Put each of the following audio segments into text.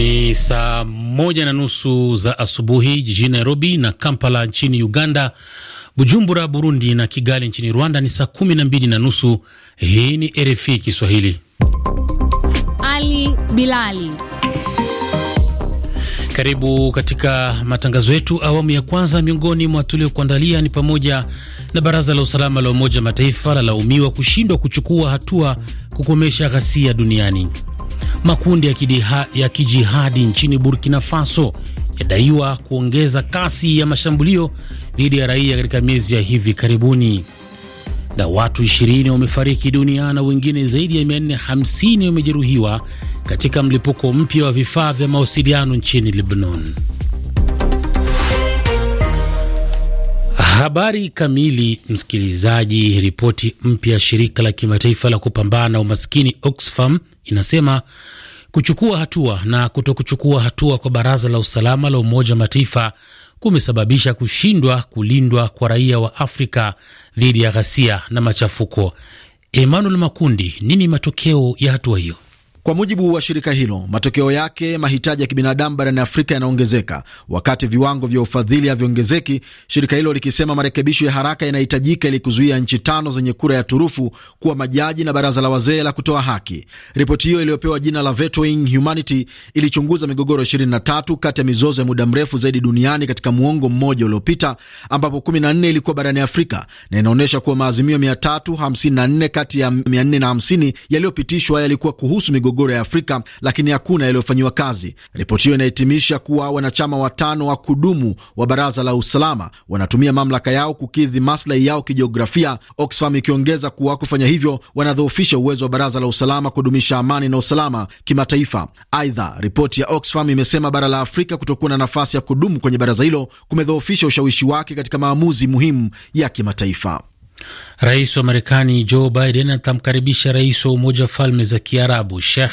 Ni saa moja na nusu za asubuhi jijini Nairobi na Kampala nchini Uganda, Bujumbura Burundi na Kigali nchini Rwanda ni saa kumi na mbili na nusu. Hii ni RFI Kiswahili. Ali Bilali, karibu katika matangazo yetu awamu ya kwanza. Miongoni mwa tuliokuandalia ni pamoja na baraza la usalama la Umoja Mataifa lalaumiwa kushindwa kuchukua hatua kukomesha ghasia duniani Makundi ya, kidiha, ya kijihadi nchini Burkina Faso yadaiwa kuongeza kasi ya mashambulio dhidi ya raia katika miezi ya hivi karibuni. Na watu 20 wamefariki dunia na wengine zaidi ya 450 wamejeruhiwa katika mlipuko mpya wa vifaa vya mawasiliano nchini Lebanon. Habari kamili, msikilizaji. Ripoti mpya ya shirika la kimataifa la kupambana na umaskini Oxfam inasema kuchukua hatua na kutokuchukua hatua kwa Baraza la Usalama la Umoja wa Mataifa kumesababisha kushindwa kulindwa kwa raia wa Afrika dhidi ya ghasia na machafuko. Emmanuel Makundi, nini matokeo ya hatua hiyo? Kwa mujibu wa shirika hilo, matokeo yake mahitaji ya kibinadamu barani Afrika yanaongezeka wakati viwango vya ufadhili haviongezeki, shirika hilo likisema marekebisho ya haraka yanahitajika ili kuzuia nchi tano zenye kura ya turufu kuwa majaji na baraza la wazee la kutoa haki. Ripoti hiyo iliyopewa jina la Vetoing Humanity ilichunguza migogoro 23 kati ya mizozo ya muda mrefu zaidi duniani katika muongo mmoja uliopita, ambapo 14 ilikuwa barani Afrika na inaonyesha kuwa maazimio 354 kati ya 450 yaliyopitishwa yalikuwa kuhusu migogoro migogoro ya Afrika, lakini hakuna yaliyofanyiwa kazi. Ripoti hiyo inahitimisha kuwa wanachama watano wa kudumu wa Baraza la Usalama wanatumia mamlaka yao kukidhi maslahi yao kijiografia, Oxfam ikiongeza kuwa kufanya hivyo wanadhoofisha uwezo wa Baraza la Usalama kudumisha amani na usalama kimataifa. Aidha, ripoti ya Oxfam imesema bara la Afrika kutokuwa na nafasi ya kudumu kwenye baraza hilo kumedhoofisha ushawishi wake katika maamuzi muhimu ya kimataifa. Rais wa Marekani Joe Biden atamkaribisha rais wa Umoja wa Falme za Kiarabu Sheikh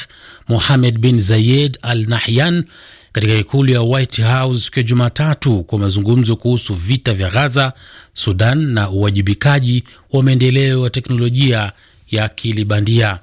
Mohammed bin Zayed Al Nahyan katika ikulu ya White House siku ya Jumatatu kwa mazungumzo kuhusu vita vya Ghaza, Sudan na uwajibikaji wa maendeleo ya teknolojia ya akili bandia.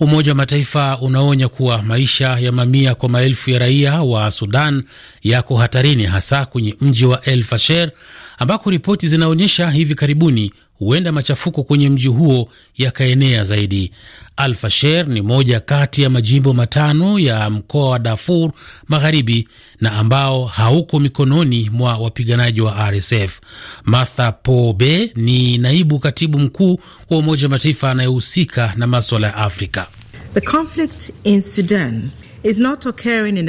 Umoja wa Mataifa unaonya kuwa maisha ya mamia kwa maelfu ya raia wa Sudan yako hatarini, hasa kwenye mji wa El Fasher ambako ripoti zinaonyesha hivi karibuni huenda machafuko kwenye mji huo yakaenea zaidi. alfasher ni moja kati ya majimbo matano ya mkoa wa Darfur Magharibi na ambao hauko mikononi mwa wapiganaji wa RSF. Martha Pobe ni naibu katibu mkuu wa Umoja wa Mataifa anayehusika na maswala ya Afrika. The conflict in Sudan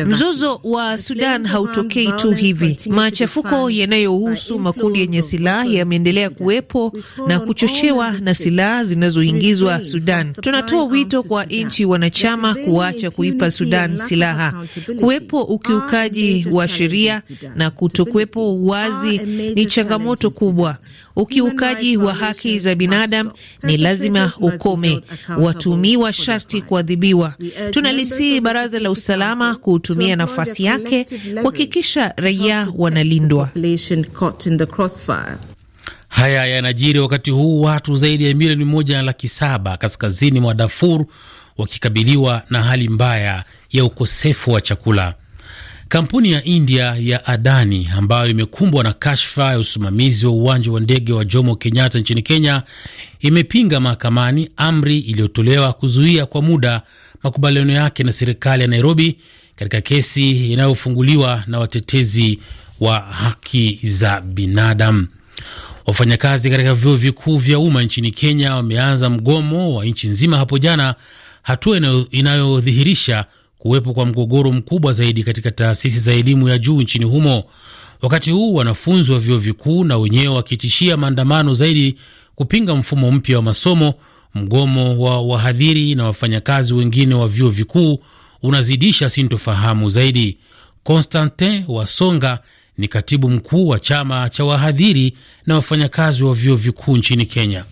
Mzozo wa Sudan hautokei tu hivi. Machafuko yanayohusu makundi yenye silaha yameendelea kuwepo na kuchochewa na silaha zinazoingizwa Sudan. Tunatoa wito kwa nchi wanachama kuacha kuipa Sudan silaha. Kuwepo ukiukaji wa sheria na kutokuwepo uwazi ni changamoto kubwa ukiukaji wa haki za binadamu ni lazima ukome. watumiwa sharti kuadhibiwa. Tunalisii Baraza la Usalama kutumia nafasi yake kuhakikisha raia wanalindwa. Haya yanajiri wakati huu watu zaidi ya milioni moja laki saba kaskazini mwa Darfur wakikabiliwa na hali mbaya ya ukosefu wa chakula. Kampuni ya India ya Adani ambayo imekumbwa na kashfa ya usimamizi wa uwanja wa ndege wa Jomo Kenyatta nchini Kenya imepinga mahakamani amri iliyotolewa kuzuia kwa muda makubaliano yake na serikali ya Nairobi katika kesi inayofunguliwa na watetezi wa haki za binadamu. Wafanyakazi katika vyuo vikuu vya umma nchini Kenya wameanza mgomo wa nchi nzima hapo jana, hatua inayodhihirisha kuwepo kwa mgogoro mkubwa zaidi katika taasisi za elimu ya juu nchini humo, wakati huu wanafunzi wa vyuo vikuu na wenyewe wakitishia maandamano zaidi kupinga mfumo mpya wa masomo. Mgomo wa wahadhiri na wafanyakazi wengine wa vyuo vikuu unazidisha sintofahamu zaidi. Constantin Wasonga ni katibu mkuu wa chama cha wahadhiri na wafanyakazi wa vyuo vikuu nchini Kenya.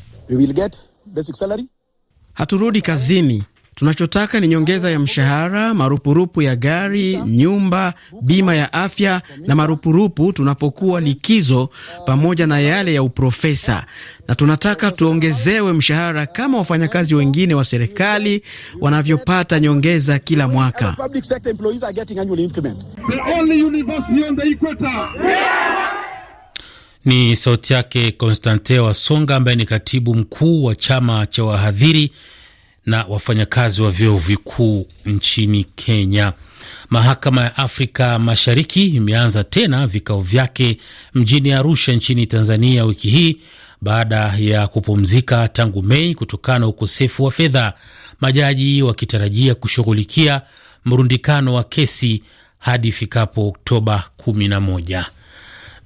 Haturudi kazini Tunachotaka ni nyongeza ya mshahara, marupurupu ya gari, nyumba, bima ya afya na marupurupu tunapokuwa likizo, pamoja na yale ya uprofesa, na tunataka tuongezewe mshahara kama wafanyakazi wengine wa serikali wanavyopata nyongeza kila mwaka. Ni sauti yake Konstante Wasonga ambaye ni katibu mkuu wa chama cha wahadhiri na wafanyakazi wa vyeo vikuu nchini Kenya. Mahakama ya Afrika Mashariki imeanza tena vikao vyake mjini Arusha nchini Tanzania wiki hii baada ya kupumzika tangu Mei kutokana na ukosefu wa fedha, majaji wakitarajia kushughulikia mrundikano wa kesi hadi ifikapo Oktoba 11.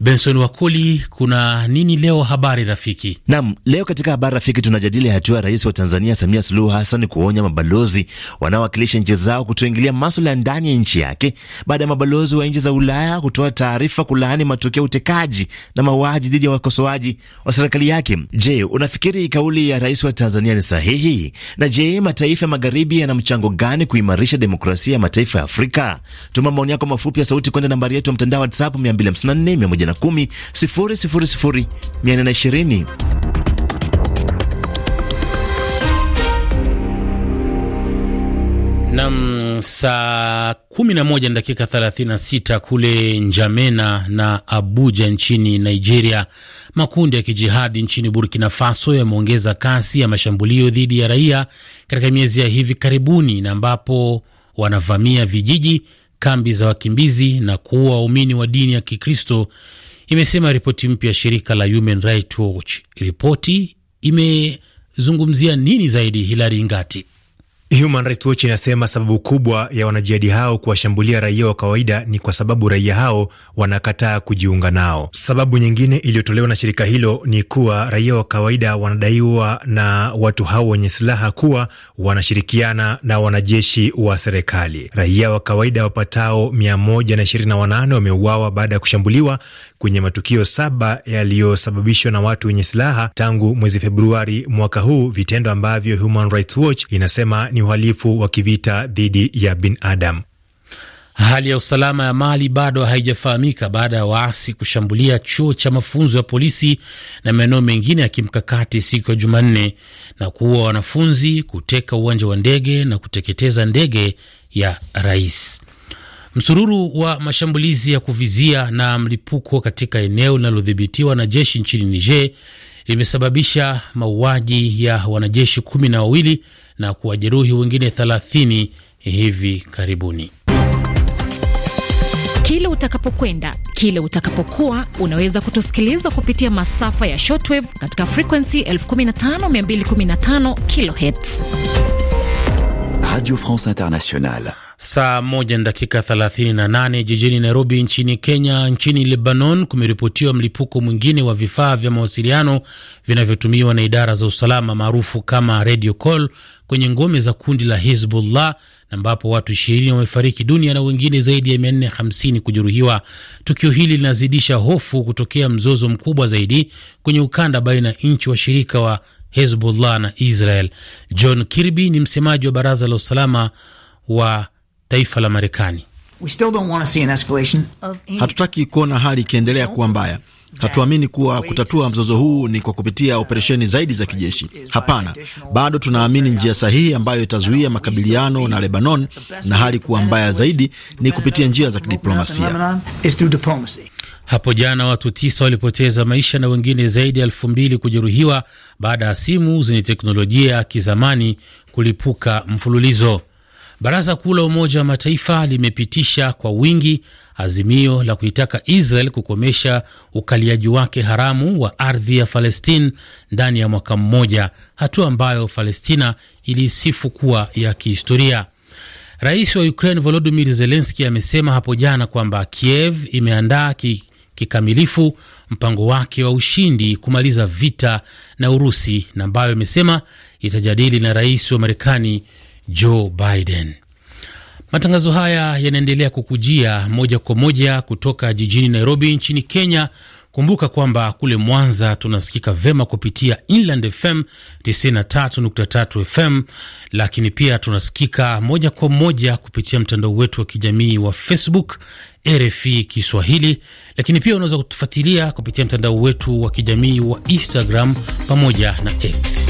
Benson Wakoli, kuna nini leo habari rafiki? Naam, leo katika habari rafiki tunajadili hatua ya rais wa Tanzania Samia Suluhu Hassan kuonya mabalozi wanaowakilisha nchi zao kutoingilia maswala ya ndani ya nchi yake baada ya mabalozi wa nchi za Ulaya kutoa taarifa kulaani matokeo ya utekaji na mauaji dhidi ya wakosoaji wa serikali yake. Je, unafikiri kauli ya rais wa Tanzania ni sahihi? Na je, mataifa ya magharibi yana mchango gani kuimarisha demokrasia ya mataifa ya Afrika? Tuma maoni yako mafupi ya sauti kwenda nambari yetu ya mtandao WhatsApp 254 Nam, saa 11 na dakika 36 kule Njamena na Abuja nchini Nigeria. Makundi ya kijihadi nchini Burkina Faso yameongeza kasi ya mashambulio dhidi ya raia katika miezi ya hivi karibuni, na ambapo wanavamia vijiji kambi za wakimbizi na kuua waumini wa dini ya Kikristo, imesema ripoti mpya ya shirika la Human Rights Watch. Ripoti imezungumzia nini zaidi? Hilari Ngati. Human Rights Watch inasema sababu kubwa ya wanajihadi hao kuwashambulia raia wa kawaida ni kwa sababu raia hao wanakataa kujiunga nao. Sababu nyingine iliyotolewa na shirika hilo ni kuwa raia wa kawaida wanadaiwa na watu hao wenye silaha kuwa wanashirikiana na wanajeshi wa serikali. Raia wa kawaida wapatao 128 wameuawa baada ya kushambuliwa kwenye matukio saba yaliyosababishwa na watu wenye silaha tangu mwezi Februari mwaka huu, vitendo ambavyo Human Rights Watch inasema ni uhalifu wa kivita dhidi ya binadamu. Hali ya usalama ya Mali bado haijafahamika baada ya waasi kushambulia chuo cha mafunzo ya polisi na maeneo mengine ya kimkakati siku ya Jumanne na kuua wanafunzi, kuteka uwanja wa ndege na kuteketeza ndege ya rais. Msururu wa mashambulizi ya kuvizia na mlipuko katika eneo linalodhibitiwa na jeshi nchini Niger limesababisha mauaji ya wanajeshi kumi na wawili na kuwajeruhi wengine thelathini hivi karibuni. Kile utakapokwenda kile utakapokuwa, unaweza kutusikiliza kupitia masafa ya shortwave katika frekuensi 15215 kilohertz. Radio France Internationale. Saa moja na dakika 38 na jijini Nairobi nchini Kenya. Nchini Lebanon kumeripotiwa mlipuko mwingine wa vifaa vya mawasiliano vinavyotumiwa na idara za usalama maarufu kama radio call kwenye ngome za kundi la Hizbullah ambapo watu ishirini wamefariki dunia na wengine zaidi ya 450 kujeruhiwa. Tukio hili linazidisha hofu kutokea mzozo mkubwa zaidi kwenye ukanda baina ya nchi washirika wa Hezbollah na Israel. John Kirby ni msemaji wa baraza la usalama wa taifa la Marekani. Hatutaki kuona hali ikiendelea kuwa mbaya. Hatuamini kuwa kutatua mzozo huu ni kwa kupitia operesheni zaidi za kijeshi. Hapana, bado tunaamini njia sahihi ambayo itazuia makabiliano na Lebanon na hali kuwa mbaya zaidi ni kupitia njia za kidiplomasia. Hapo jana watu tisa walipoteza maisha na wengine zaidi ya elfu mbili kujeruhiwa baada ya simu zenye teknolojia ya kizamani kulipuka mfululizo. Baraza Kuu la Umoja wa Mataifa limepitisha kwa wingi azimio la kuitaka Israel kukomesha ukaliaji wake haramu wa ardhi ya Palestina ndani ya mwaka mmoja, hatua ambayo Palestina ilisifu kuwa ya kihistoria. Rais wa Ukraine Volodymyr Zelensky amesema hapo jana kwamba Kiev imeandaa ki kikamilifu mpango wake wa ushindi kumaliza vita na Urusi na ambayo imesema itajadili na rais wa Marekani Joe Biden. Matangazo haya yanaendelea kukujia moja kwa moja kutoka jijini Nairobi nchini Kenya. Kumbuka kwamba kule Mwanza tunasikika vema kupitia Inland FM 93.3 FM, lakini pia tunasikika moja kwa moja kupitia mtandao wetu wa kijamii wa Facebook RFI Kiswahili, lakini pia unaweza kutufuatilia kupitia mtandao wetu wa kijamii wa Instagram pamoja na X.